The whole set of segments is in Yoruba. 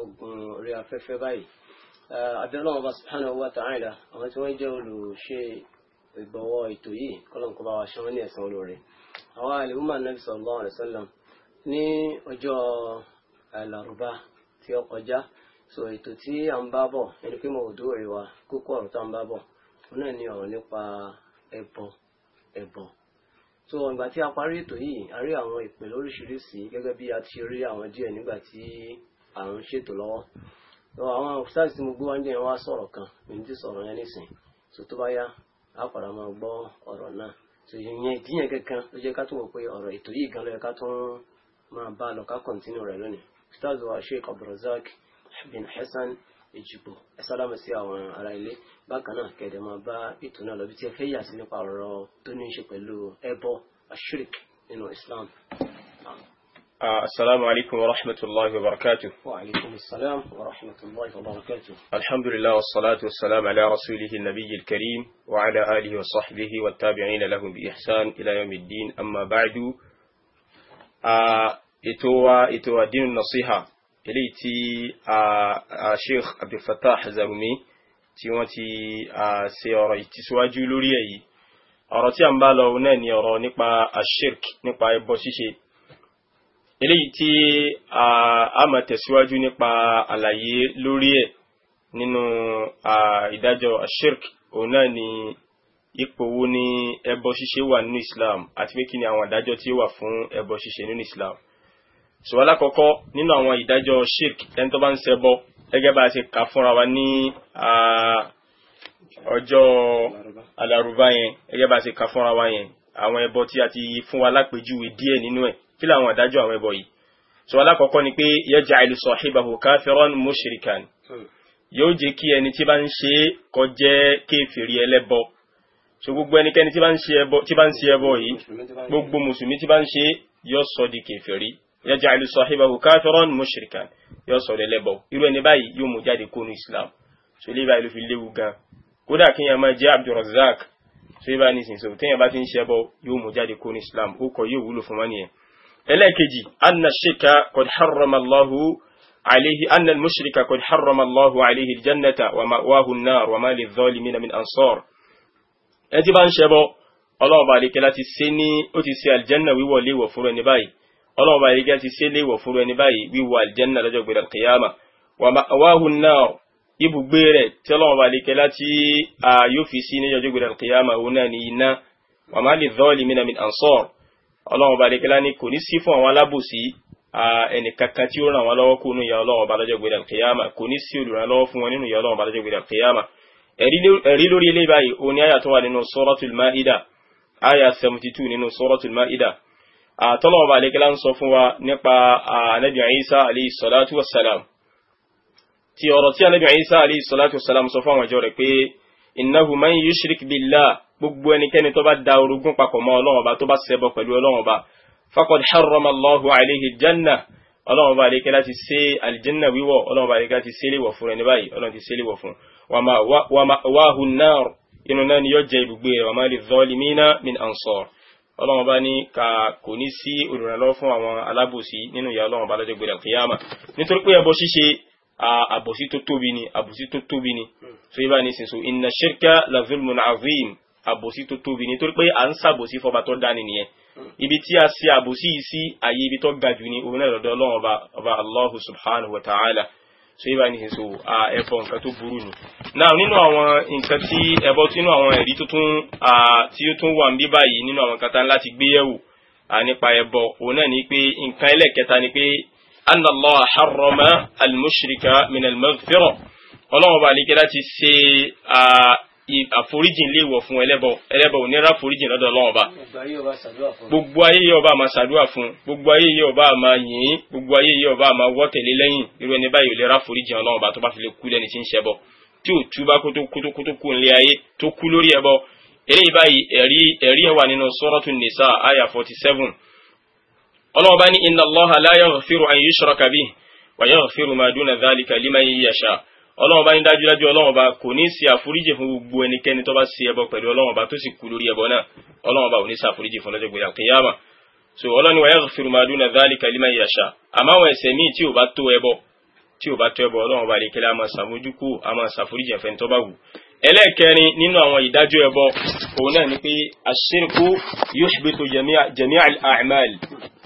ogun orí afẹ́fẹ́ báyìí eh, abẹ́rẹ́ ọba subhanahu wa ta'ala àwọn tí wọ́n jẹ́ olùṣe ìgbọ̀wọ́ ètò yìí kọ́lọ́n kọ́ bá wa ṣán ní ẹ̀sán olóore àwọn àlèmúmà nàbì sallallahu alaihi wasallam ní ọjọ́ àlàrúbá eh, tí ó kọjá so ètò tí à ń bá bọ̀ ẹni pé mo dúró rè wa kókó ọ̀rọ̀ tó à ń bá bọ̀ òun náà ni ọ̀rọ̀ nípa ẹbọ ẹbọ so ìgbà tí a parí ètò yìí a rí àwọn ìpè lóríṣiríṣi gẹ́gẹ́ bí a ti rí àwọn díẹ̀ nígbà tí à ń ṣètò lọ́wọ́ àwọn ọ̀sáàsì tí mo gbé wáńjẹ́ yẹn wá sọ̀rọ̀ kan èyí tí sọ̀rọ̀ yẹn nìsín tó tó bá yá á padà máa gbọ́ ọ̀rọ̀ náà tó yẹn ìdíyẹn kankan ló jẹ́ ká tó wọ̀ pé ọ̀rọ̀ ètò yìí gan ló yẹ ká tó máa bá a lọ ká kọ̀ǹtínú rẹ̀ lónìí ustaz wa sheikh abdulrazak bin hasan ejigbo ẹ sálámù sí àwọn ará ilé bákan náà kẹdẹ máa bá ètò náà lọ bí tí ẹ fẹ́ yà sí nípa ọ̀rọ̀ tó ní í ṣe pẹ̀lú ẹbọ ashirik nínú islam. السلام عليكم ورحمة الله وبركاته وعليكم السلام ورحمة الله وبركاته الحمد لله والصلاة والسلام على رسوله النبي الكريم وعلى آله وصحبه والتابعين لهم بإحسان إلى يوم الدين أما بعد إتوى إتوى دين النصيحة إليتي الشيخ عبد الفتاح زرمي تيوتي سياري تسواجي لوريي أرتي أنبالو ناني أرى نقبى الشرك نقبى إبو eléyìí tí a máa tẹ̀síwájú nípa àlàyé lórí ẹ̀ nínú ìdájọ́ ashirk òun náà ni ipò wo ni ẹbọ ṣíṣe wà nínú Islam àti pé kí ni àwọn ìdájọ́ tí ó wà fún ẹbọ ṣíṣe nínú Islam so alákọ̀ọ́kọ́ nínú àwọn ìdájọ́ shirk ẹni tó bá ń ṣẹbọ gẹ́gẹ́ bá a ṣe kà fúnra wa ní ọjọ́ alárùbá yẹn gẹ́gẹ́ bá a ṣe kà fúnra wa yẹn àwọn ẹbọ tí a ti fún wa lápèjúwe díẹ̀ nínú ẹ̀ kí làwọn àdájọ́ àwọn ẹbọ yìí so alákọ̀ọ́kọ́ ni pé yaj'alu sahibahu kafiran mushrikan yóò jẹ́ kí ẹni tí bá ń ṣe kó jẹ́ kéfèrí ẹlẹ́bọ so gbogbo ẹnikẹ́ni tí bá ń ṣe ẹbọ yìí gbogbo mùsùlùmí tí bá ń ṣe yóò sọ di kéfèrí yaj'alu sahibahu kafiran mushrikan yóò sọ di ẹlẹ́bọ irú ẹni báyìí yóò mú jáde kónú islam so ilé ìbáyìí ló fi léwu gan kódà kí yẹn máa jẹ́ abdulrazak so ìbáyìí nìsín so téèyàn bá ti ń ṣẹbọ yóò mú jáde kónú islam ó kọ yóò wúlò fún wọn nìyẹn ẹlẹ́ẹ̀kejì anna shirka qad harrama Allahu alayhi anna al-mushrika qad harrama Allahu alayhi al-jannata wa ma'wahu an-nar wa ma lidh-dhalimina min ansar ẹ ti bá ń ṣẹbọ ọlọ́run bá àdékẹ́ láti ṣe ní ó ti ṣe àlìjẹ́nà wíwọ̀ léèwọ̀ fún ẹni báyìí ọlọ́run bá àdékẹ́ láti ṣe léèwọ̀ fún ẹni báyìí wíwọ̀ àlìjẹ́nà lọ́jọ́ gbèrè ọlọ́run ọba àdékẹ́lá ní kò ní sí fún àwọn alábòsí ẹnìkankan tí ó ràn wọ́n lọ́wọ́ kó nínú ìyà ọlọ́run ọba lọ́jọ́ gbèrè àkèyàmà kò ní sí olùrànlọ́wọ́ fún wọn nínú ìyà ọlọ́run ọba lọ́jọ́ gbèrè àkèyàmà ẹ̀rí lórí ilé báyìí ó ní àyà tó wà nínú suratul Maida àyà 72 nínú suratul Maida àtọ́lọ́run ọba àdékẹ́lá ń sọ fún wa nípa anabi Isa alayhi salatu wassalam ti ọ̀rọ̀ gbogbo ẹnikẹ́ni tó bá da orogún papọ̀ mọ́ ọlọ́run ọba tó bá ṣẹbọ pẹ̀lú ọlọ́run ọba faqad harrama Allahu alayhi janna ọlọ́run ọba àdékẹ́ láti ṣe àlìjẹ́nà wíwọ̀ ọlọ́run ọba àdékẹ́ láti ṣe léwọ̀ fún ẹni báyìí ọlọ́run ti ṣe léwọ̀ fún wa ma'wahu inú náà ni yóò jẹ ibùgbé rẹ̀ wa ma liz-zalimina min ansar ọlọ́run ọba ní ka kò ní sí olùrànlọ́wọ́ fún àwọn alábòsí nínú ìyà ọlọ́run ọba lọ́jọ́ gbèrè al nítorí pé ẹbọ ṣíṣe àbòsí tó tóbi ni àbòsí tó tóbi ni hmm. so ibà ní sinso inna shirka la zulmun azim àbòsí tó tóbi ni torí pé à ń ṣàbòsí fọba tó dání nìyẹn ibi tí a ṣe àbòsí yìí sí àyè ibi tó ga jù ní òun náà lọ́dọ̀ ọlọ́run ọba ọba allahu subhanahu wa ta'ala so yíba ní so ẹbọ nǹkan tó burú nù. náà nínú àwọn nǹkan tí ẹbọ tí nínú àwọn ẹ̀rí tí ó tún wà ń bí báyìí nínú àwọn nǹkan láti gbé yẹ̀wò nípa ẹbọ òun náà ni pé nǹkan ẹlẹ́kẹta ni pé anna Allah harrama al-mushrika min al-maghfira ọlọ́run ọba àlekẹ́ láti ṣe àforíjìn lè wọ̀ fún ẹlẹ́bọ ẹlẹ́bọ ò ní rà àforíjìn lọ́dọ̀ ọlọ́run ọba gbogbo ayé yìí ọba máa ṣàdúrà fún gbogbo ayé yìí ọba máa yìn gbogbo ayé yìí ọba máa wọ́ tẹ̀lé lẹ́yìn irú ẹni báyìí ò lè rà àforíjìn ọlọ́run ọba tó bá fi lè kú lẹ́ni tí ń ṣẹbọ tí ò túbá kótókótó kú nílé ayé tó kú lórí ẹbọ eléyìí báyìí ẹ̀rí ẹ̀ wà nínú Suratu Nisa àyà forty seven ọlọ́run ọba ní inna Allaha la yaghfiru an yushraka bihi wa yaghfiru ma duna dhalika liman yasha' ọlọ́run bá ní dájúdájú ọlọ́run bá kò ní sí àforíjì fún gbogbo ẹnikẹ́ni tó bá sí ẹbọ pẹ̀lú ọlọ́run bá tó sì kú lórí ẹbọ náà ọlọ́run bá ò ní sí àforíjì fún lọ́jọ́ gbéra kìyàmà so ọlọ́run ni wa yaghfiru ma duna dhalika liman yasha àmọ́ àwọn ẹ̀ṣẹ̀ míì tí ò bá tó ẹbọ tí ò bá tó ẹbọ ọlọ́run bá lè kẹ́lẹ́ a máa ṣàmójúkú a máa ṣàforíjì ẹ̀fẹ́ni tó bá jami'a al-a'mal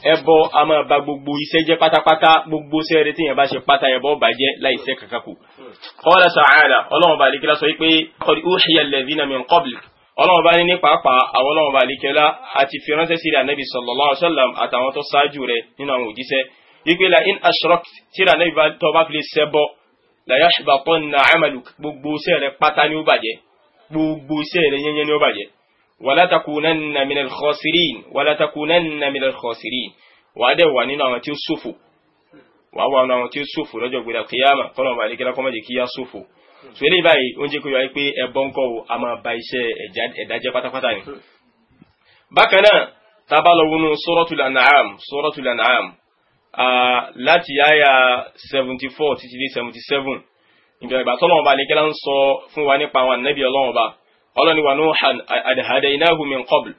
ẹbọ a máa ba gbogbo iṣẹ́ jẹ́ pátápátá gbogbo sẹ́ẹ̀rẹ́ tí yẹn bá ṣe pátá ẹbọ bàjẹ́ láìṣẹ́ kàkàkù. qala ta'ala ọlọ́run bá àlekẹ́lá sọ wípé qad uhiya alladhina min qablik ọlọ́run bá ní ní pàápàá àwọn ọlọ́run bá àlekẹ́lá àti fi ránṣẹ́ sí ànábì sallallahu alaihi wasallam àtàwọn tó ṣáájú rẹ̀ nínú àwọn òjíṣẹ́ wípé la in ashrakta tí ànábì bá amaluk gbogbo sẹ́ẹ̀rẹ́ pátá ni ó bàjẹ́ gbogbo sẹ́ẹ̀rẹ́ yẹnyẹn wala takunanna minal khasirin wala takunanna minal khasirin wà á dẹ̀ wà nínú àwọn tí ó ṣòfò wà á wà nínú àwọn tí ó ṣòfò lọ́jọ́ gbéra kìyàmà kọ́nà bá lè kíra kọ́mọ̀jì kíyà ṣòfò so eléyìí báyìí ó ń jẹ́ kó yọ pé ẹbọ ń kọ́ o a máa ba iṣẹ́ ẹ̀dá jẹ́ pátápátá ni. bákan náà tá suratul an'am suratul an'am láti yáyà seventy four títí dé seventy seven ìgbà ìgbà ba lè kíra ń sọ wa nípa àwọn ànábì ọlọ́wọ́n ba ọlọ́ni wa nuhan adhadaynahu min qabl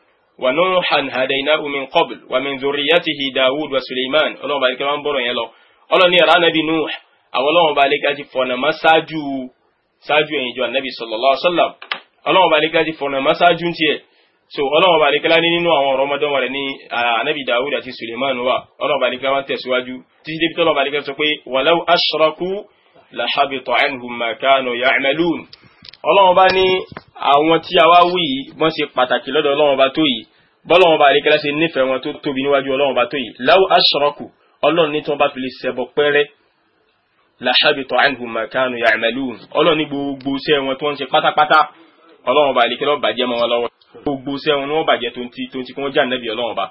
wa nuhan hadaynahu min qabl wa min zurriyatihi dawud wa suleiman ọlọ́run bá alẹ́kẹ́ máa ń bọ̀rọ̀ yẹn lọ ọlọ́ni ẹ̀rọ anabi nuh àwọn ọlọ́run bá alẹ́kẹ́ ti fọ̀nà má ṣáájú ṣáájú ẹ̀yìn jọ anabi sallallahu alaihi wasallam ọlọ́run bá alẹ́kẹ́ ti fọ̀nà má ṣáájú tiẹ̀ so ọlọ́run bá alẹ́kẹ́ ọlọ́run bá ní àwọn tí a wá wí yìí wọ́n ṣe pàtàkì lọ́dọ̀ ọlọ́run bá tó yìí bọ́lọ́run bá àríkẹ́lá ṣe nífẹ̀ẹ́ wọn tó tóbi níwájú ọlọ́run bá tó yìí law ashraku ọlọ́run ní tí wọ́n bá fi lè ṣẹbọ pẹ́rẹ́ la habita anhum ma kanu ya'malun ọlọ́run ní gbogbo iṣẹ́ wọn tó ń ṣe pátápátá ọlọ́run bá àríkẹ́lá bàjẹ́ mọ́ wọn lọ́wọ́ gbogbo iṣẹ́ wọn ni wọ́n bàjẹ́ tó ń ti tó ń ti kí wọ́n já nẹ́bí ọlọ́run bá.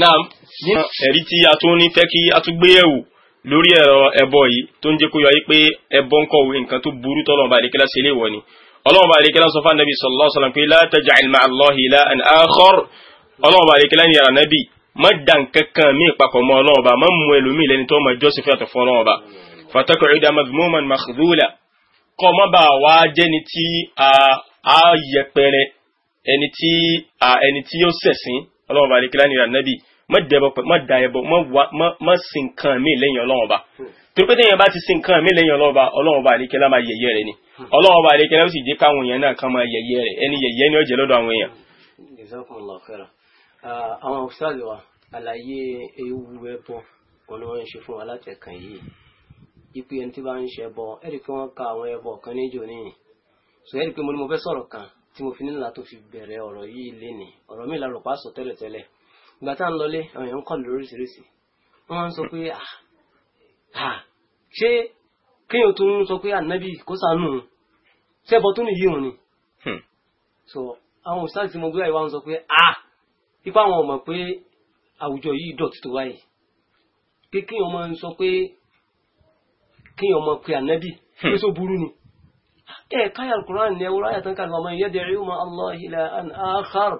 náà nínú ẹ̀rí tí a tún ní fẹ́ kí a tún gbé yẹ̀wò lórí ẹ̀rọ ẹbọ yìí tó ń jẹ́ kó yọ yí pé ẹbọ ń kọ̀wé nǹkan tó burú tọ́lọ́run bá àdékẹ́lá ṣe léèwọ̀ ni ọlọ́run bá àdékẹ́lá sọ fún anabi sallallahu alaihi wasallam pé la taj'al ma'a Allahi ilahan akhar ọlọ́run bá àdékẹ́lá ní yàrá nabi má da nǹkan kan mí papọ̀ mọ́ ọlọ́run bá má mú ẹlòmíì lẹ́ni tó má má dẹbọ má da ẹbọ má sin nǹkan mi lẹ́yìn ọlọ́run ọba hmm. torí pé téèyàn bá ti sin nǹkan mi lẹ́yìn ọlọ́run ọba ọlọ́run ọba àlekẹ́ lá máa yẹ̀yẹ́ rẹ̀ ni hmm. ọlọ́run ọba àlekẹ́ lá ó sì jẹ́ káwọn èèyàn náà kan máa yẹ̀yẹ́ rẹ̀ ẹni yẹ̀yẹ́ ni ó jẹ́ lọ́dọ̀ àwọn èèyàn. Jazakumullahu khairan àwọn òṣìṣẹ́ wa àlàyé ewu ẹbọ kan ni wọ́n ń ṣe fún wa láti ẹ̀kan yìí ipe ẹni tí bá ń ṣe ẹbọ ẹ̀rí pé wọ́n ka àwọn ẹbọ kan níjò níyìn so ẹ̀rí pé mo ní mo fẹ́ sọ̀rọ̀ kan tí mo fi nílò ìgbà tá à ń lọlé àwọn èèyàn ń kọlù lóríṣiríṣi wọ́n máa ń sọ pé ah, ṣé kéèyàn tó ń sọ pé ànábì kó sànù ṣẹ́bọ tó nìyí òun ni hmm. so àwọn òṣìṣẹ́ tí mo gbé àìwá ń sọ pé ipa ah, àwọn ọmọ pé àwùjọ yìí dọ̀tí tó wáyé pé kéèyàn máa ń sọ pé kéèyàn máa pe ànábì pé tó hmm. burú ni ah, ẹ̀ẹ́káyà Al-Qur'an ni ẹwúrọ̀ àyàtọ̀ kan lọ́mọ ìyẹ́dẹ̀ẹ́rẹ́ ọmọ Allah ila an akhar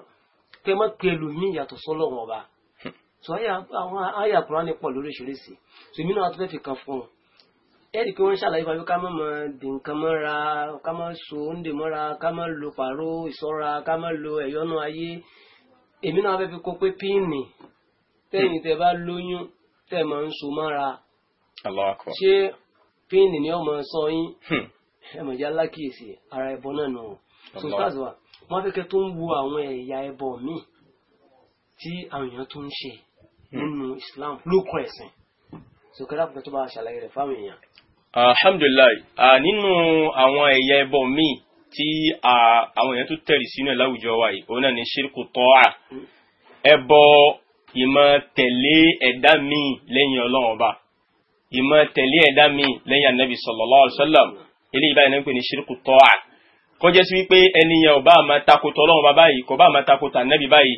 pé má pe ẹlòmíì yàtọ̀ sọ́lọ́run ọba tó àwọn àyà Kùránì pọ̀ lóríṣiríṣi tó ìmínú àti fẹ́ẹ́ fi kan fún un ẹ̀rì pé wọ́n ṣàlàyé fún mi ká má mọ nǹkan mọ́ra ká má so oúnjẹ mọ́ra ká má lo pàró ìṣọ́ra ká má lo ẹ̀yọ́nú ayé èmi náà fẹ́ẹ́ fi kó pé píìnì tẹ́yìn tẹ́ bá lóyún tẹ́ máa ń so mọ́ra ṣé píìnì ni ọmọ sọ yín hmm. ẹ̀mọ̀já lákìyèsí ara ẹ̀bọ náà nù sọ́tàzùwà wọ́n fẹ́ kẹ́ tó ń wo àwọn ẹ̀yà ẹbọ míì tí àwọn èèyàn tó ń ṣe hmm. nínú Islam lóko ẹ̀sìn sọkẹ́lá pẹ̀lú tó bá ṣàlàyé rẹ̀ fáwọn èèyàn. alhamdulillah nínú àwọn ẹ̀yà ẹbọ míì tí àwọn èèyàn tó tẹ̀lé sínú ẹ̀ láwùjọ wa yìí òun náà ni ṣírkù tọ́à hmm. ẹbọ ìmọ̀ tẹ̀lé ẹ̀dá míì lẹ́yìn ọlọ́run ọba ìmọ̀ tẹ̀lé ẹ̀dá míì lẹ́yìn anabi sallallahu alaihi wasallam eléyìí báyìí náà ń pè ní ṣírkù tọ́à kó jẹ́ sí wípé ẹniyàn ọba àmà takotọ ọlọ́run bá báyìí kò bá àmà takotọ ànábì báyìí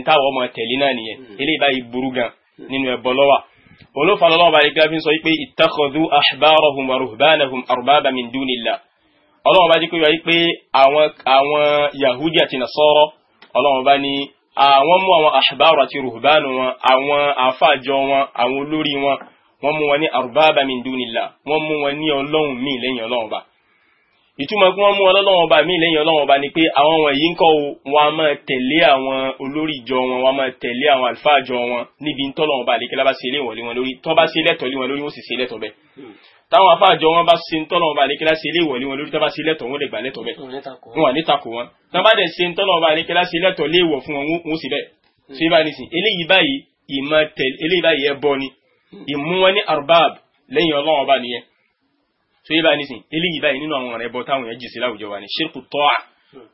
ntàwọ̀ ọmọ tẹ̀lé náà nìyẹn hmm. eléyìí báyìí burú gan hmm. nínú ẹ̀bọ lọ́wà olófà lọ́wọ́ bá dìgbà fi ń sọ wípé ittakhadhu ahbarahum wa ruhbanahum arbaba min dunillah ọlọ́run bá dìgbà wípé àwọn yahudi àti nasara ọlọ́run bá ní àwọn mú àwọn ahbaru àti ruhbanu wọn àwọn àfàjọ wọn ìtumọ̀ kí wọ́n mú ọlọ́lọ́wọ́n ọba míì lẹ́yìn ọlọ́wọ́n ọba ni pé àwọn wọ̀nyí ń kọ́ wọn a máa tẹ̀lé àwọn olórí ìjọ wọn wọn a máa tẹ̀lé àwọn àlùfáà jọ wọn níbi ń tọ́lọ́wọ́n ọba àlekẹ́lá bá ṣe léwọ̀n lé wọn lórí tọ́ bá ṣe lẹ́tọ̀ọ́ lé wọn lórí wọ́n sì ṣe lẹ́tọ̀ọ́ bẹ́ẹ̀ táwọn àlùfáà jọ wọn bá ṣe ń tọ́lọ́wọ́n ọba àlekẹ́lá ṣe léwọ̀n lé wọn lórí tọ́ ṣe lẹ́tọ̀ọ́ wọn lè gbà lẹ́tọ̀ọ́ bẹ́ẹ̀ hmm. arbab lẹ́yìn ọlọ́wọ́n ọba so yé báyìí nísìn eléyìí báyìí nínú àwọn ọ̀rẹ́ bọ́ táwọn yẹn jì láwùjọ wa ni ṣírkù tọ́à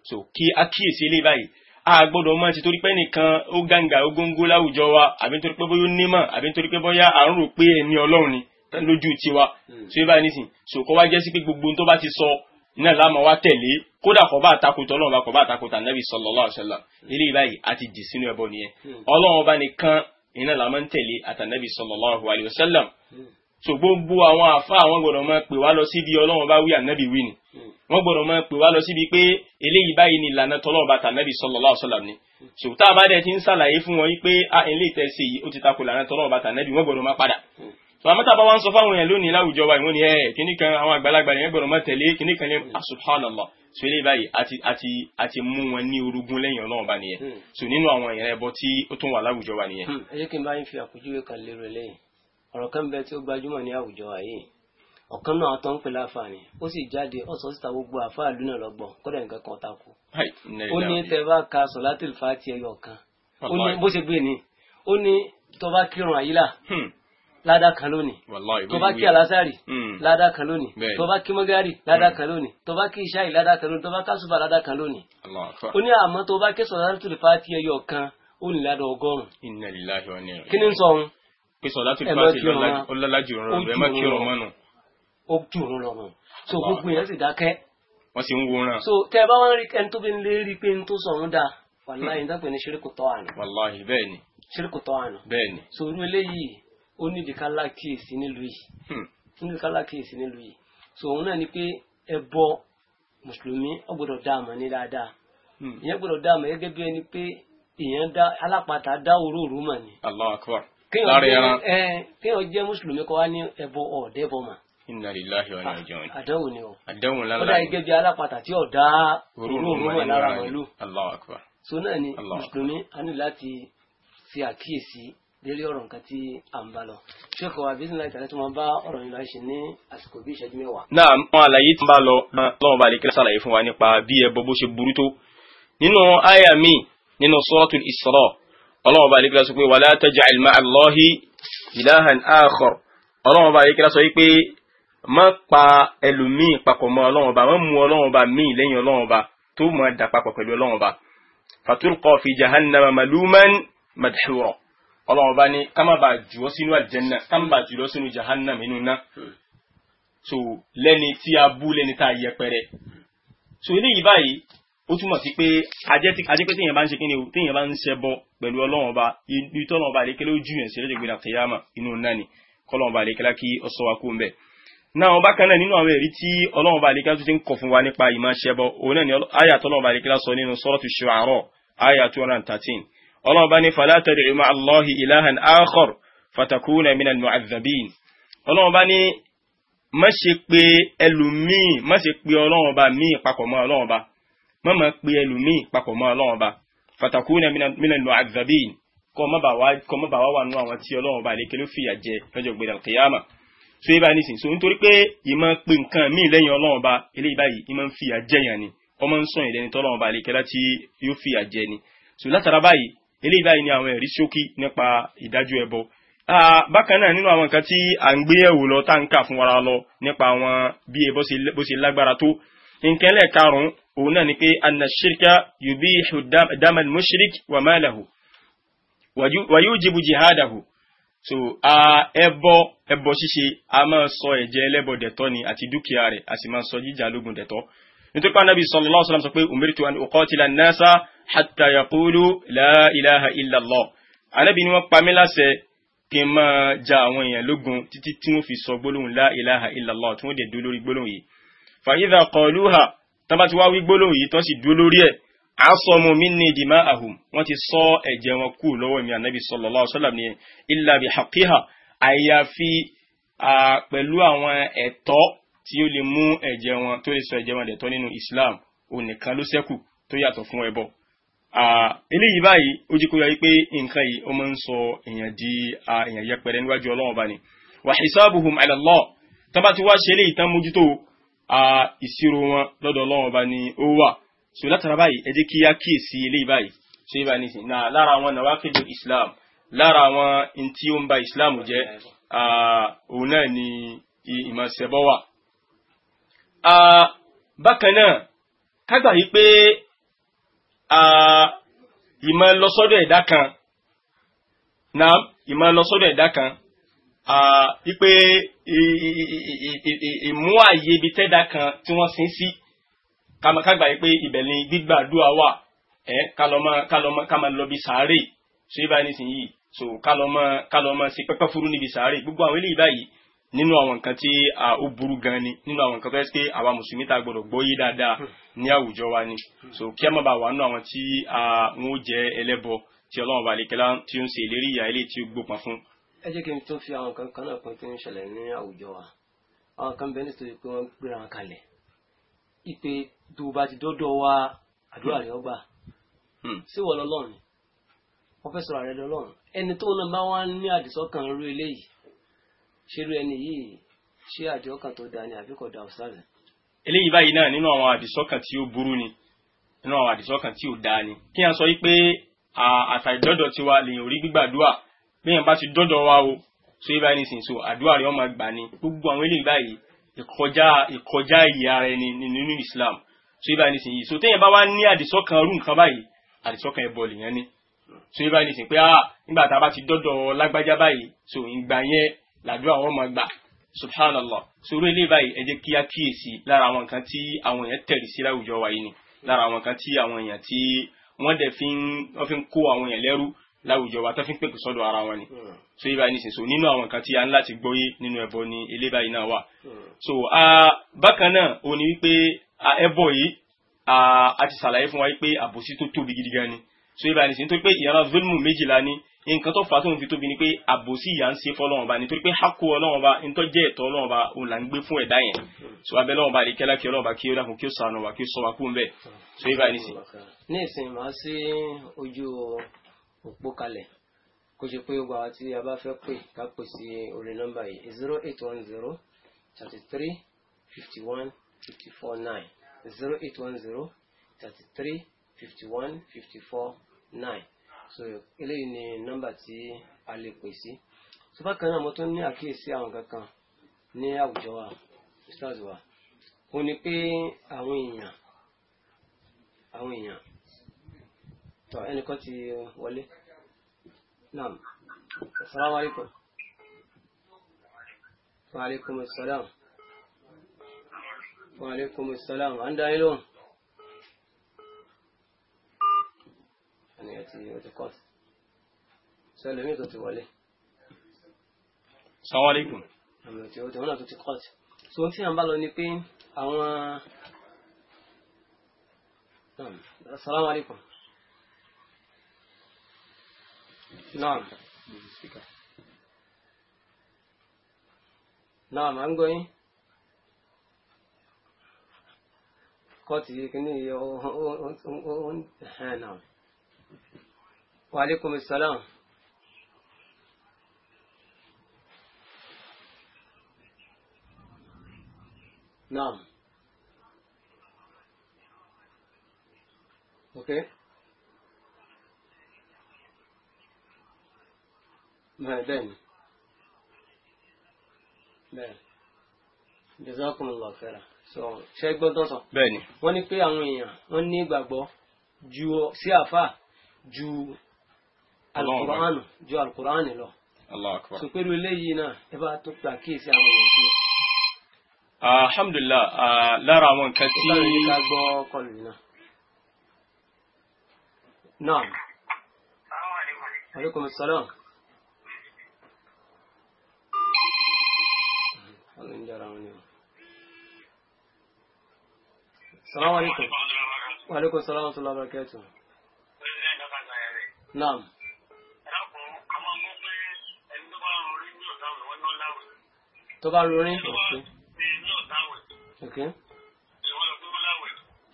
so kí a kíyèsí eléyìí báyìí a gbọ́dọ̀ máa ti torí pé nìkan ó gàǹgà ó góńgó láwùjọ wa àbí nítorí pé bóyá ó nímọ̀ àbí nítorí pé bóyá à ń rò pé ẹni ọlọ́run ni lójú tiwa hmm. so yé báyìí nísìn so kó wá jẹ́ sí pé gbogbo tó bá ti sọ iná láàmú wa tẹ̀lé kódà kó bá àtakùtà ọlọ́run bá kó bá àtakùtà nàbì sallallahu alaihi wasallam hmm. eléyìí báyìí a ti dì sínú ẹbọ nìyẹn hmm. ọlọ́run bá nìkan iná làmọ́ ń tẹ̀lé àtànàbì sallallahu alaihi wasallam so gbogbo àwọn àfa àwọn gbọ́dọ̀ máa pè wá lọ síbi Ọlọ́run bá wí ànábì wí ni wọ́n gbọ́dọ̀ máa pè wá lọ síbi pé eléyìí báyìí ni ìlànà tọlọ́run bá tànábì sallallahu alaihi wasallam ni so tá a bá dẹ ti ń ṣàlàyé fún wọn pé a eléyìí tẹ ṣe yìí ó ti takò ìlànà tọlọ́run bá tànábì wọ́n gbọ́dọ̀ máa padà so àmọ́tà bá wá ń sọ fáwọn èèyàn lónìí láwùjọ wa ìwọ́n ni ẹ eh, kíní kan àwọn àgbàlagbà yẹn gbọ́dọ̀ máa tẹ̀lé kíní kan ní ah, subhanallah so eléyìí báyìí àti àti àti mú wọn ní orogún lẹ́yìn Ọlọ́run bá nìyẹn hmm. so nínú àwọn èèyàn ẹbọ tí ó tún wà láwùjọ wa nìyẹn. Hmm. ẹ jẹ́ kí n bá yín fi àpèjúwe kan lérò lẹ́yìn ọ̀rọ̀ kan bẹ tí ó gbajúmọ̀ ní àwùjọ ayé ọ̀kan náà tó ń pè láǹfààní ó sì jáde ọ̀sọ̀ síta gbogbo àfáà lúnà lọ́gbọ̀n kódà nǹkan kan ta kù. ó ní tẹ bá ka sọ̀látìl fàtì ẹyọ kan ó ní bó ṣe gbé ni ó ní tó bá kírun àyílà hmm. ládà kan lónìí tó hmm. bá kí alásàrì ládà hmm. kan lónìí tó bá kí mọ́gárì ládà kan lónìí tó bá kí ìṣáì ládà kan lónìí tó bá kásùbà ládà kan lónìí. ó ní àmọ́ tó bá kí sọ̀látìl fàtì ẹyọ kan ó ní ládà ọgọ́rùn-ún. kí ni sọ̀hún pé sọ̀látùl fàtíhì ọlọ́lájú ìrọ̀rùn ẹ má kí ọ̀rọ̀ mọ́nu. ó kí òun lọ́rùn so gbogbo yẹn sì dákẹ́. wọ́n sì ń wòran. so tẹ ẹ bá wọn rí ẹni tó bí lè rí pé n tó sọ̀rọ̀ dáa wàláyé dápẹ́ ní ṣíríkù tọ́ àná. wàláyé bẹ́ẹ̀ ni. ṣíríkù tọ́ àná. bẹ́ẹ̀ ni. so irú eléyìí ó nídìí ká lákìyèsí nílùú yìí. Hmm. ó nídìí ká lákìyèsí nílùú yìí. so òun náà ni pé ẹbọ mùsùlùmí ó gbọ́dọ̀ dá àmọ́ ní dáadáa. Hmm. ìyẹn gbọ́dọ̀ dá àmọ́ gẹ́gẹ́ bí ẹni pé ìyẹn dá alápatà dá òróró mọ̀ ni. Allahu Akbar lára ẹran. kéèyàn jẹ́ mùsùlùmí kọ́ wá ní ẹbọ ọ̀ọ́dẹ́bọ mà. inna lillahi wa inna ilaihi raji'un. àdánwò ni o. àdánwò ńlá ńlá. ó dá igé bíi alápatà tí ò dá òróró mọ̀ lára mọ̀lú. Allahu akbar. so náà ni mùsùlùmí a ní láti fi àkíyèsí lórí ọ̀rọ̀ nǹkan tí a ń bá lọ. ṣé kò wá bísí láìpẹ́ tó bá ọ̀rọ̀ yìí lọ ṣe ní àsìkò bí ìṣẹ́jú mẹ́wàá. náà àwọn àlàyé tí wa nípa bí ẹbọ bó ṣe burú mi nínú suratul ọlọ́run ọba àdékìlá sọ pé wala taj'al ma'a Allahi ilahan akhar ọlọ́run ọba àdékìlá sọ pé má pa ẹlòmíì papọ̀ mọ́ ọlọ́run ọba má mú ọlọ́run ọba míì lẹ́yìn ọlọ́run ọba tó mọ̀ dà papọ̀ pẹ̀lú ọlọ́run ọba fatulqa fi jahannama maluman madhura ọlọ́run ọba ní kámá bá jù ọ́ sínú àlìjẹ́nà kámá bá jù ọ́ sínú jahannam inú ná so lẹ́ni tí a bú lẹ́ni tá a yẹpẹrẹ so eléyìí báyìí ó túmọ̀ sí pé ajẹ́ pé téèyàn bá ń ṣe kíni o téèyàn bá ń ṣẹbọ pẹ̀lú ọlọ́run ọba ibi tọ́lọ́run ọba àlékélé ó jù yàn sí lọ́jọ́ ìgbéra kìyàmà inú náà ni kọ́lọ́run ọba àlékélé kí ọ sọ wa kú ń bẹ̀. náà ọba kan náà nínú àwọn ẹ̀rí tí ọlọ́run ọba àlékélé tó ti ń kọ̀ fún wa nípa ìmọ̀ ṣẹbọ òun náà ni àyà tọ́lọ́run ọba àlékélé sọ nínú Suratu Shu'ara àyà 213 má máa pe ẹlòmíì papọ̀ mọ́ ọlọ́run ọba fatakuna minan mu'azzabin kọ́ má bà wá wà nù àwọn tí ọlọ́run ọba àlékè ló fìyà jẹ lọ́jọ́ gbẹdà kìyàmà so yìí báyìí nísìnyí so nítorí pé ìmọ̀ pe nǹkan míì lẹ́yìn ọlọ́run ọba eléyìí báyìí ìmọ̀ ń fìyà jẹyàn ni ọmọ ń sọ̀yìn lẹ́ni tọ́lọ́run ọba àlékè láti yóò fìyà jẹ ni so látara báyìí eléyìí báyìí ni àwọn ẹ̀rí ṣókí nípa ìdájọ́ ẹbọ bákan náà nínú àwọn nǹkan tí à ń gbé ẹ̀wò lọ tá òun náà ni pé anna shirka yubihu damal mushrik wa malahu wa yujibu jihadahu so a ẹbọ ẹbọ ṣíṣe a máa sọ ẹ̀jẹ̀ ẹlẹ́bọ dẹ̀tọ́ ni àti dúkìá rẹ̀ a sì máa sọ jíjà lógun dẹ̀tọ́ nítorí pé anabi sallallahu alaihi wasallam sọ pé umirtu an uqatila an-nasa hatta yaqulu la ilaha illa allah anabi ni wọ́n pa mí láṣẹ kí n máa ja àwọn èèyàn lógun títí tí wọ́n fi sọ gbólóhùn la ilaha tí wọ́n dẹ̀ dúró lórí gbólóhùn yìí fa idha tán bá ti wá wí gbólóhùn yìí tán sì dúró lórí ẹ̀ asọ́mu mi ní ìdìmá àhùn wọ́n ti sọ ẹ̀jẹ̀ wọn kú lọ́wọ́ mi ànábì sallallahu alaihi wasallam ní illa bi haqqiha àyàfi pẹ̀lú àwọn ẹ̀tọ́ tí ó lè mú ẹ̀jẹ̀ wọn tó lè sọ ẹ̀jẹ̀ wọn dẹ̀tọ́ nínú Islam onìkan ló sẹ́kù tó yàtọ̀ fún ẹbọ. eléyìí báyìí ó jí kó yọ pé nǹkan yìí ó máa ń sọ èèyàn di èèyàn yẹpẹrẹ níwájú Ọlọ́run bá ni wa hisabuhum tó bá ti wá ṣe eléyìí tán mójútó ìṣirò wọn lọ́dọ̀ ọlọ́run ọba ni ó wà so látara báyìí ẹ jẹ́ kí á kíyèsí eléyìí báyìí so yìí ní sìn náà lára àwọn nàwákìlú islam lára àwọn in tí ó ń ba islam jẹ́ òun náà ni ìmọ̀sẹ̀bọ wà. bákan náà kágbà yìí pé ìmọ̀ lọ sọ́dọ̀ ẹ̀dá kan wípé ìmú àyè ibi tẹ́dà kan tí wọ́n sin sí kágbà yìí pé ibẹ̀ ni gbígbàdúrà wà ẹ kálọ́mọ lọ bí sàárè ṣé báyìí nísìnyìí so kálọ́mọ kálọ́mọ sí pẹ́pẹ́ furu níbi sàárè gbogbo àwọn eléyìí báyìí nínú àwọn nǹkan tí ó burú gan ni nínú àwọn nǹkan tó yẹ pé àwa mùsùlùmí ta gbọdọ̀ gbọ́yé dáadáa hmm. ní àwùjọ wa ni so kí a má bàa wà nínú àwọn tí wọn ó jẹ ẹlẹ́bọ tí ọlọ́run bá lè kẹ́lá tí ó ń ṣe ìlérí ìyá ilé tí ó gbópọn fún ẹ jẹ́ kí n tún fi àwọn nǹkan kan náà pin tó ń ṣẹlẹ̀ ní àwùjọ wa àwọn kan bẹ́ẹ̀ nítorí pé wọ́n gbéra wọn kalẹ̀ ìpè tó bá ti dọ́dọ̀ wa àdúrà hmm. rẹ̀ ọgbà sí wọ́n lọ́lọ́run wọ́n fẹ́ sọ̀rọ̀ rẹ̀ lọ́lọ́run ẹni tó náà bá wá ní àdìsọ́kàn irú eléyìí ṣerú ẹni yìí ṣé àdìsọ́kàn tó dáa ni àbí kò dáa ọ̀sán rẹ̀. eléyìí báyìí náà nínú àwọn àdìsọ́kàn tí ó burú ni nínú àwọn àdìsọ́kàn tí ò dáa ni kí wọ́n sọ wípé àṣà tiwa lèèyàn rí gbígbàdúrà bẹ́ẹ̀ bá ti dọ́dọ̀ wa o so yíba ẹni sìn so àdúrà rẹ̀ ọmọ gbà ni gbogbo àwọn eléyìí báyìí ìkọjá ìkọjá ìyè ara ẹni nínú Islam so yíba ẹni sìn yìí so téèyàn bá wá ní àdìsọ́kàn rú nǹkan báyìí àdìsọ́kàn ẹ̀bọ lèèyàn ní so yíba ẹni sìn pé ah nígbà tá a bá ti dọ́dọ̀ lágbájá báyìí so ìgbà yẹn làdúrà wọn máa gbà subhanallah so orí eléyìí báyìí ẹ jẹ́ kí á kíyèsí lára àwọn nǹkan tí àwọn èèyàn tẹ̀lé sí láwùjọ wa yìí ni lára àwọn nǹkan wọ́n dẹ̀ fi ń kó àwọn èèyàn lẹ́rú láwùjọ wa tó fi ń pèpè sọ́dọ̀ ara wọn ni so yìí báyìí nísinsìnyí so nínú àwọn nǹkan tí a ń láti gbọ́yé nínú ẹbọ ni ilé báyìí náà wà so bákan náà ó ní wípé ẹbọ yìí a ti ṣàlàyé fún wa wípé àbòsí tó tóbi gidi gan ni so yìí báyìí nísinsìnyí nítorí pé ìyára zulmu méjìlá ni nǹkan tó fà á tó ń fi tóbi ni pé àbòsí ìyá ń ṣe fọlọ́wọ́n ba nítorí pé hako ọlọ́wọ́n ba ntọ́ jẹ́ ẹ̀tọ́ ọlọ́wọ́n ba so abẹ́ ba lè kẹ́lá kí ọlọ́wọ́n ba kí ó so yìí báyìí nísìnyí. ní òpó kalẹ̀ kó ṣe pé gbogbo àwọn tí a bá fẹ́ pè ká pè sí orí nọ́mbà yìí zero eight one zero thirty three fifty one fifty four nine zero eight one zero thirty three fifty one fifty four nine so eléyìí ni nọ́mbà tí a lè pè sí so bákan náà mo tún ní àkíyèsí àwọn kankan ní àwùjọ wa ustaz wa ó ní pé àwọn èèyàn àwọn èèyàn tọ ẹnìkan ti eh, wọlé naam asalaamu alaykum wa alaykum asalaam wa alaykum asalaam à ń dá yín lóhùn. ẹni ẹ ti ẹ ti kọ́ sọ ẹlòmíì tó ti wọlé. Assalamu alaikum. àmì òtí òtí wọn náà tó ti kọ́ ti so tí à bá lọ ni pé àwọn. Assalamu alaikum. نعم نعم I'm going قوتي كني نعم وعليكم السلام نعم اوكي okay. bẹ́ẹ̀ ni bẹ́ẹ̀ jazakumullahu khairan so ṣe gbọ́n tọ́sán. bẹ́ẹ̀ ni. wọ́n ní pé àwọn èèyàn wọ́n ní ìgbàgbọ́ ju sí àfà ju alukur'an ju alukur'an lọ. Allahu akbar. so pẹ̀lú eléyìí náà ẹ bá tó pa kíyèsí àwọn èèyàn sí. alhamdulilah lára àwọn nǹkan tí. ó bá ká gbọ́ kọlù yìí náà. naam. aleykum salaam. ọ̀nà ń jọra wọn ni. salamu alaikum wa alaikum salamu wa salamu barakatu. naam. tó bá rorin. ok. ok.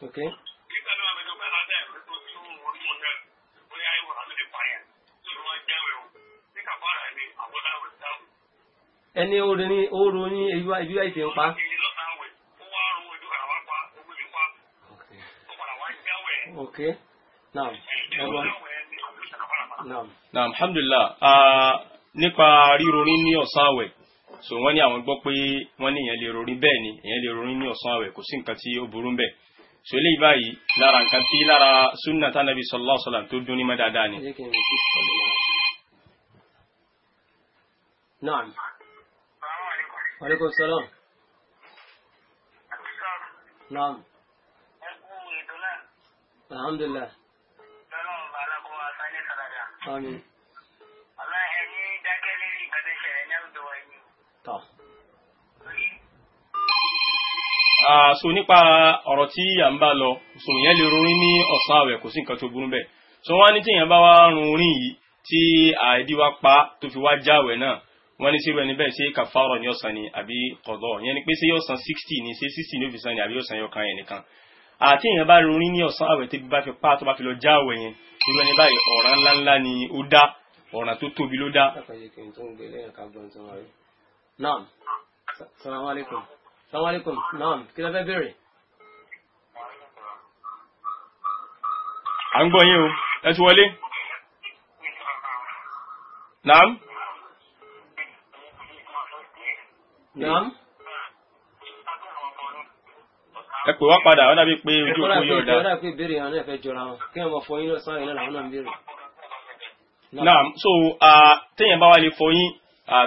okay. ẹni oòrùn ní ìbíwá ìfẹ́ ń pa. ok naam ẹgbọn naam. naam alhamdulillah nípa rírorí ní ọ̀sán àwẹ̀ so wọ́n ní àwọn gbọ́ pé wọ́n ní ìyẹn lè rorí bẹ́ẹ̀ ni ìyẹn lè rorí ní ọ̀sán àwẹ̀ kò sí nǹkan tí ó burú bẹ́ẹ̀ so eléyìí báyìí lára nǹkan tí lára sunna tánàbí sallallahu alaihi wasallam tó dún ní mọ́ dáadáa ni. naam. Aleykum salaam. Naam. Ẹ kú ètò náà. Alhamdulilah. Lọ́lọ́run bá alákọ̀ àtàlẹ́ sàdàdà. Àmín. Ọlá ẹni dákẹ́ lérí ìkàtẹ́ ṣẹlẹ̀ ní àwùjọ wa yìí. Tọ́. So nípa ọ̀rọ̀ tí à ń bá lọ, sùn yẹn lè rorin ní ọ̀sán àwẹ̀ kò sí nǹkan tó burú bẹ́ẹ̀. So wọ́n á ní tí èèyàn bá wá run orin yìí tí àìdí wa pa tó fi wá jáwẹ̀ náà wọ́n ní síbẹ̀ níbẹ̀ ṣé kàfàrọ̀ ni yóò san ni àbí kọ̀dọ̀ yẹn ni pé ṣé yóò san sixty ni ṣé sixty ni yóò fi san ni àbí yóò san yóò kan yẹn nìkan àti èèyàn bá rin orin ní ọ̀sán àwẹ̀ tí bá fi pa tó bá fi lọ já àwẹ̀ yẹn irú ẹni báyìí ọ̀ràn ńláńlá ni ó dá ọ̀ràn tó tóbi ló dá. naam salamu alaykum salamu alaykum naam kí ló fẹ́ béèrè. à ń gbọ́ yín o ẹ ti wọlé. Nam. Ẹ pè wá padà, ó dàbí pé ojú òkú yóò dá. Ẹ kọ́ra pé ìbéèrè àwọn ẹ̀fẹ́ jọra wọn, kí wọ́n fọ yín lọ́sàn-án yìí lọ́nà àwọn ìbéèrè. Nam, so téèyàn bá wá lè fọ yín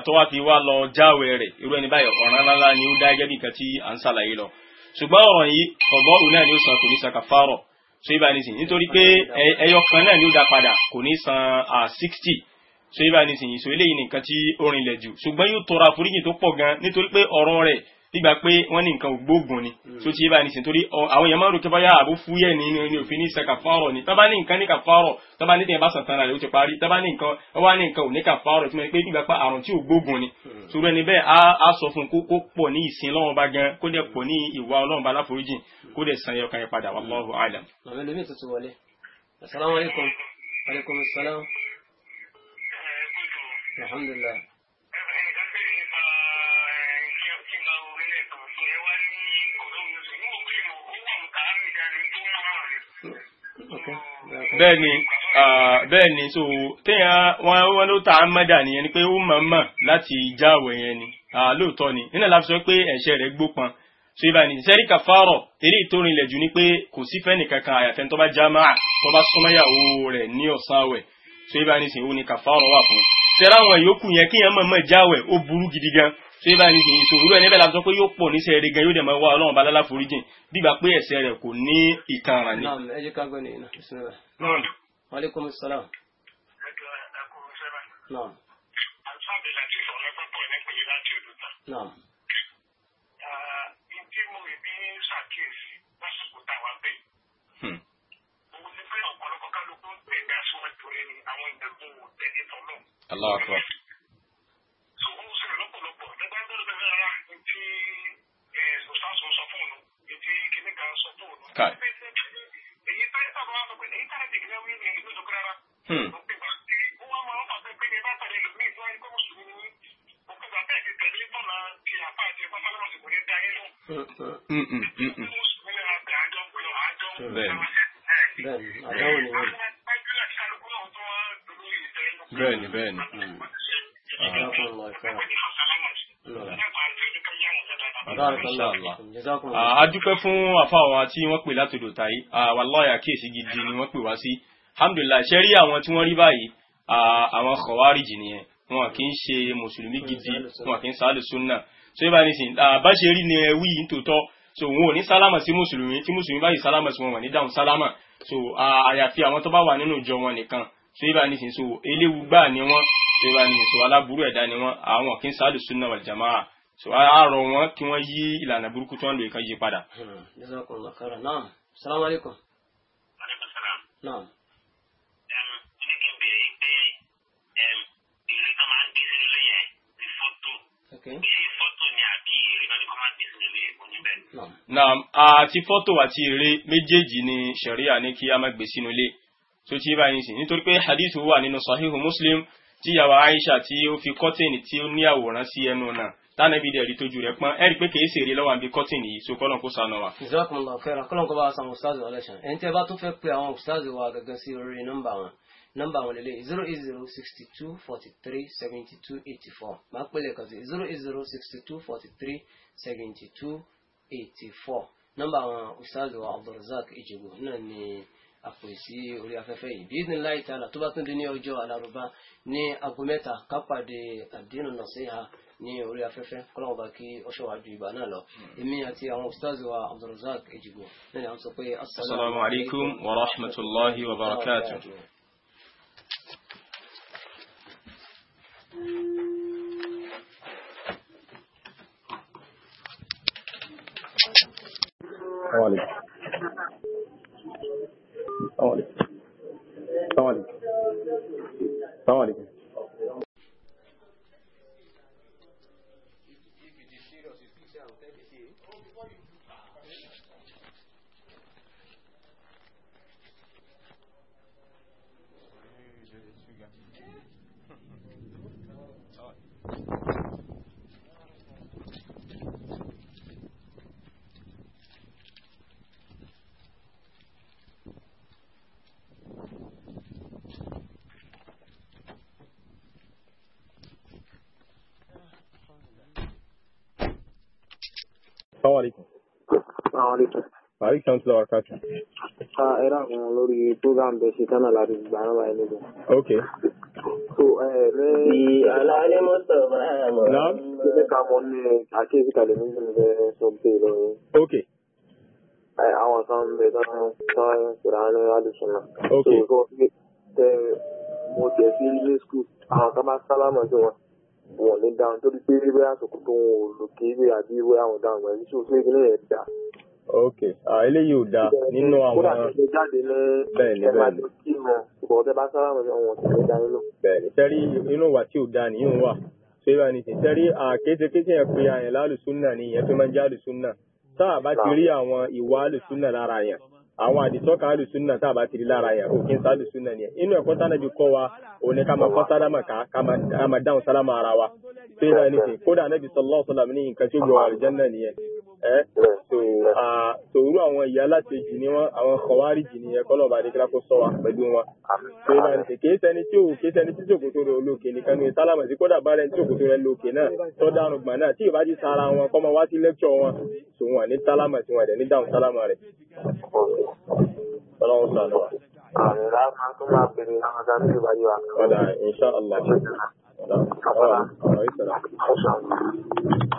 tó wá fi wá lọ jáwé rẹ̀, irú ẹni báyìí ọ̀ràn ńláńlá ni ó dá gẹ́gẹ́ bí nǹkan tí à ń ṣàlàyé lọ. Ṣùgbọ́n ọ̀ràn yìí, ọ̀gbọ́n òun náà ni ó san kò ní san kàfárọ̀. So ibà nítorí pé ẹyọ kan náà ni ó dá padà, kò ní san sixty so yíba nísìnyí so eléyìí nìkan tí ó rinlẹ̀ jù ṣùgbọ́n yóò tọrọ àforíjì tó pọ̀ gan nítorí pé ọ̀rọ̀ rẹ̀ nígbà pé wọ́n ní nǹkan ògbóògùn ni so tí yíba nísìnyí torí àwọn èèyàn máa ń rò kébáyà àbó fúyẹ́ ní ní òfin ní sẹ́ kàfárọ̀ ni tọ́ba ní nǹkan ní kàfárọ̀ tọ́ba ní tẹ̀yìn bá sàn tanra rẹ̀ ó ti parí tọ́ba ní nǹkan wá ní nǹkan ò ní kàfárọ̀ tí wọ́n pé nígbà pé àrùn tí ògbóògùn ni hmm. sùúrù ẹni bẹ́ẹ̀ á sọ fún kó kó pọ̀ ní ìsìn lọ́wọ́ bá gan kó dẹ̀ pọ̀ ní ìwà Ọlọ́run bá láforíjì kó dẹ̀ sàn yọkàn yẹn padà Alhamdulillah. bẹ́ẹ̀ni bẹ́ẹ̀ni so téèyàn wọn wọn ló ta mọ́dà nìyẹn ni pé ó mọ̀ mọ̀ láti já àwẹ̀ yẹn ni lóòótọ́ ni nínú láti sọ pé ẹ̀ṣẹ̀ rẹ̀ gbópọn so ibà ní sẹ́rí kàfárọ̀ eré ìtòrin ilẹ̀ jù ni pé kò sí fẹ́ nìkankan àyàfẹ́ tó bá já máa tó bá súnmọ́yàwó rẹ̀ ní ọ̀sán àwẹ̀ so ibà ní sìn ó ní kàfárọ̀ wà fún un sẹ́rà àwọn ìyókù yẹn kí yẹn mọ̀mọ́ jáwẹ̀ ó burú gidi gan tó yẹ báyìí nìyí ìṣòro ẹni bẹ́ẹ̀ la sọ pé yóò pọ̀ níṣẹ́ eré gan yóò dẹ̀ máa wá ọlọ́run bá lálá forí jìn bígbà pé ẹ̀ṣẹ̀ rẹ̀ kò ní ìkanra ni. naam. nǹkan tó wò tẹ̀lé tọ́lọ̀. aláàfọ. ṣùgbọ́n ó ṣẹlẹ̀ lọ́pọ̀lọpọ̀ nígbà tó ló tẹ̀lé ara ní tí ṣùṣàṣù sọ fóònù ní tí kìnnì kan sọ fóònù. èyí táyé sábà wà pẹ̀lú èyí táyé tẹ̀lé wí ní ìlú ìjọba rárá. ó pè bá ti ó wá máa ń fà pé ní bá tẹ̀lé lòmíì bẹ́ẹ̀ni bẹ́ẹ̀ni. Hmm. Ah. Ah, a dúpẹ́ fún àfáwọn tí wọ́n pè láti odò tàyí ah, wallahi àkíyèsí gidi ni wọ́n pè wá sí alhamdulillah ṣe rí àwọn tí wọ́n rí báyìí àwọn khawarij nìyẹn wọn kì í ṣe mùsùlùmí gidi wọn kì í sáàlù súnà so yíba ní sìn bá ṣe rí ni ẹwí yìí tòótọ́ so wọn ò ní sálámà sí mùsùlùmí tí mùsùlùmí báyìí sálámà sí wọn wà ní dáhùn sálámà so àyàfi àwọn tó bá wà nínú ìjọ wọn nìkan sèbá ní sìn so eléwu gbáà ni wọn sèbá ní so aláburú ẹ̀dá ni wọn àwọn kì í sáàlù sunna wal jamaa so àárọ wọn kí wọn yí ìlànà burúkú tí wọn lò ìkan yí padà. Assalamu alaikum. Naam. Okay. Naam, àti fọ́tò àti eré méjèèjì ni ṣẹ̀ríà ní kí a má gbé sínú ilé tó ti bá yín sí nítorí pé hadith wà nínú sahihu muslim tí yàwá aisha tí ó fi kọ́tìnì tí ó ní àwòrán sí ẹnu náà tánàbí dẹ̀ rí tójú rẹ̀ pọ́n ẹ̀rí pé kìí ṣèrè lọ́wọ́ àbí kọ́tìnì yìí so kọ́lọ́n kó sànà wa. ìzọ́kùnlọ fẹ́ràn kọ́lọ́n kó bá wa san ustazi ọlẹ́sàn ẹni tí ẹ bá tún fẹ́ pe àwọn ustazi wa gẹ́gẹ́ sí orí nọ́mbà wọn nọ́mbà wọn lélẹ̀ zero eight zero sixty two forty three seventy two eighty four máa pèlè kan sí zero eight zero sixty two forty three seventy two eighty four nọ́mbà wọn ustazi wa Abdulrazak Ejigbo náà ni. àpèsí orí afẹ́fẹ́ yìí bíi nílá ìtara tó bá tún di ní ọjọ́ alárùbá ní aago mẹ́ta kápàdé àdínù nasiha ní orí afẹ́fẹ́ kọ́lọ́wọ́ bá kí ọṣọ wájú ìgbà náà lọ èmi àti àwọn ustazi wa abdulrazak ejigbo náà àwọn sọ pé asalaamu alaykum wa rahmatulahi wa barakatu. Olha. Olha. Olha. Olha. Assalamu alaikum. Assalamu alaikum. Àríkì àwọn tílọ̀ wákàtí. Ẹ̀rọ àwọn lórí program bẹ̀ ṣe tánà láti gbà náà wáyé lójú. Ok. So ẹ̀rẹ́. Ìyàlá ní Mustapha Ẹ̀mọ̀. Náà. Ṣé ká mọ ní àkíyèsí kalẹ̀ nínú ìbẹ̀ sọ pé lọ. Ok. Àwọn kan bẹ̀ tọ́nà tọ́nà Kùránì Adùsùnà. Ok. So kò fi tẹ mo tẹ̀ sí ilé wọn ní dáhùn torí pé bóyá sòkòtò wọn ò lòkè bí àbí bóyá wọn dáhùn ẹni tí o fún ìpínlẹ̀ yẹn dà. ok eléyìí ò dáa nínú àwọn. kódà tẹ̀lé jáde ní bẹ́ẹ̀ni bẹ́ẹ̀ni ìbọ̀wọ̀ tẹ bá sára wọn wọn tẹ̀lé dání lọ. bẹ́ẹ̀ni sẹ́rí inú wa tí ò dáa nìyí wà ṣé bá ní sìn sẹ́rí àkétékété yẹn pe àyàn lálùsùn náà ni ìyẹn máa ń jẹ́ àlùsùn náà tá bá ti rí àwọn ìwà àlùsùn náà lára yẹn àwọn àdìtọ́ka alùsùnà tá a bá tiri lára yẹn òkè ń sá alùsùnà yẹn inú ẹ̀kọ́ tá nàbí kọ́ wa òun ni ká máa kọ́ sálámà ká ká máa dáhùn sálámà ara wa pé náà nísìnyí kódà nàbí sallallahu alaihi ní nǹkan tí ó gbọ́ àlùjánnà nìyẹn Eh? ẹ́ so ah. Ah, so irú àwọn ìyá aláṣejì ni wọ́n àwọn kọ̀wárì jì nìyẹn kọ́ lọ́ba adékẹ́lá kó sọ wa pẹ̀lú wọn. Ah. so ìlànà ìsìn kìí sẹni tí ò kìí sẹni tí tòkòtò rẹ̀ olóòkè nìkan ní sálámà sí kódà bá rẹ̀ ní tòkòtò rẹ̀ lóòkè náà tó dànù gbà náà tí ìbá ti sara wọn kọ́ máa wá sí lẹ́kṣọ̀ wọn so wọn ní sálámà tí wọn dẹ̀ ní dáhùn sálámà rẹ̀. ọlọ́run sàlọ́ wa. ọ̀dà inṣàlá. ọ̀dà ọ̀rọ̀ ìsàlá.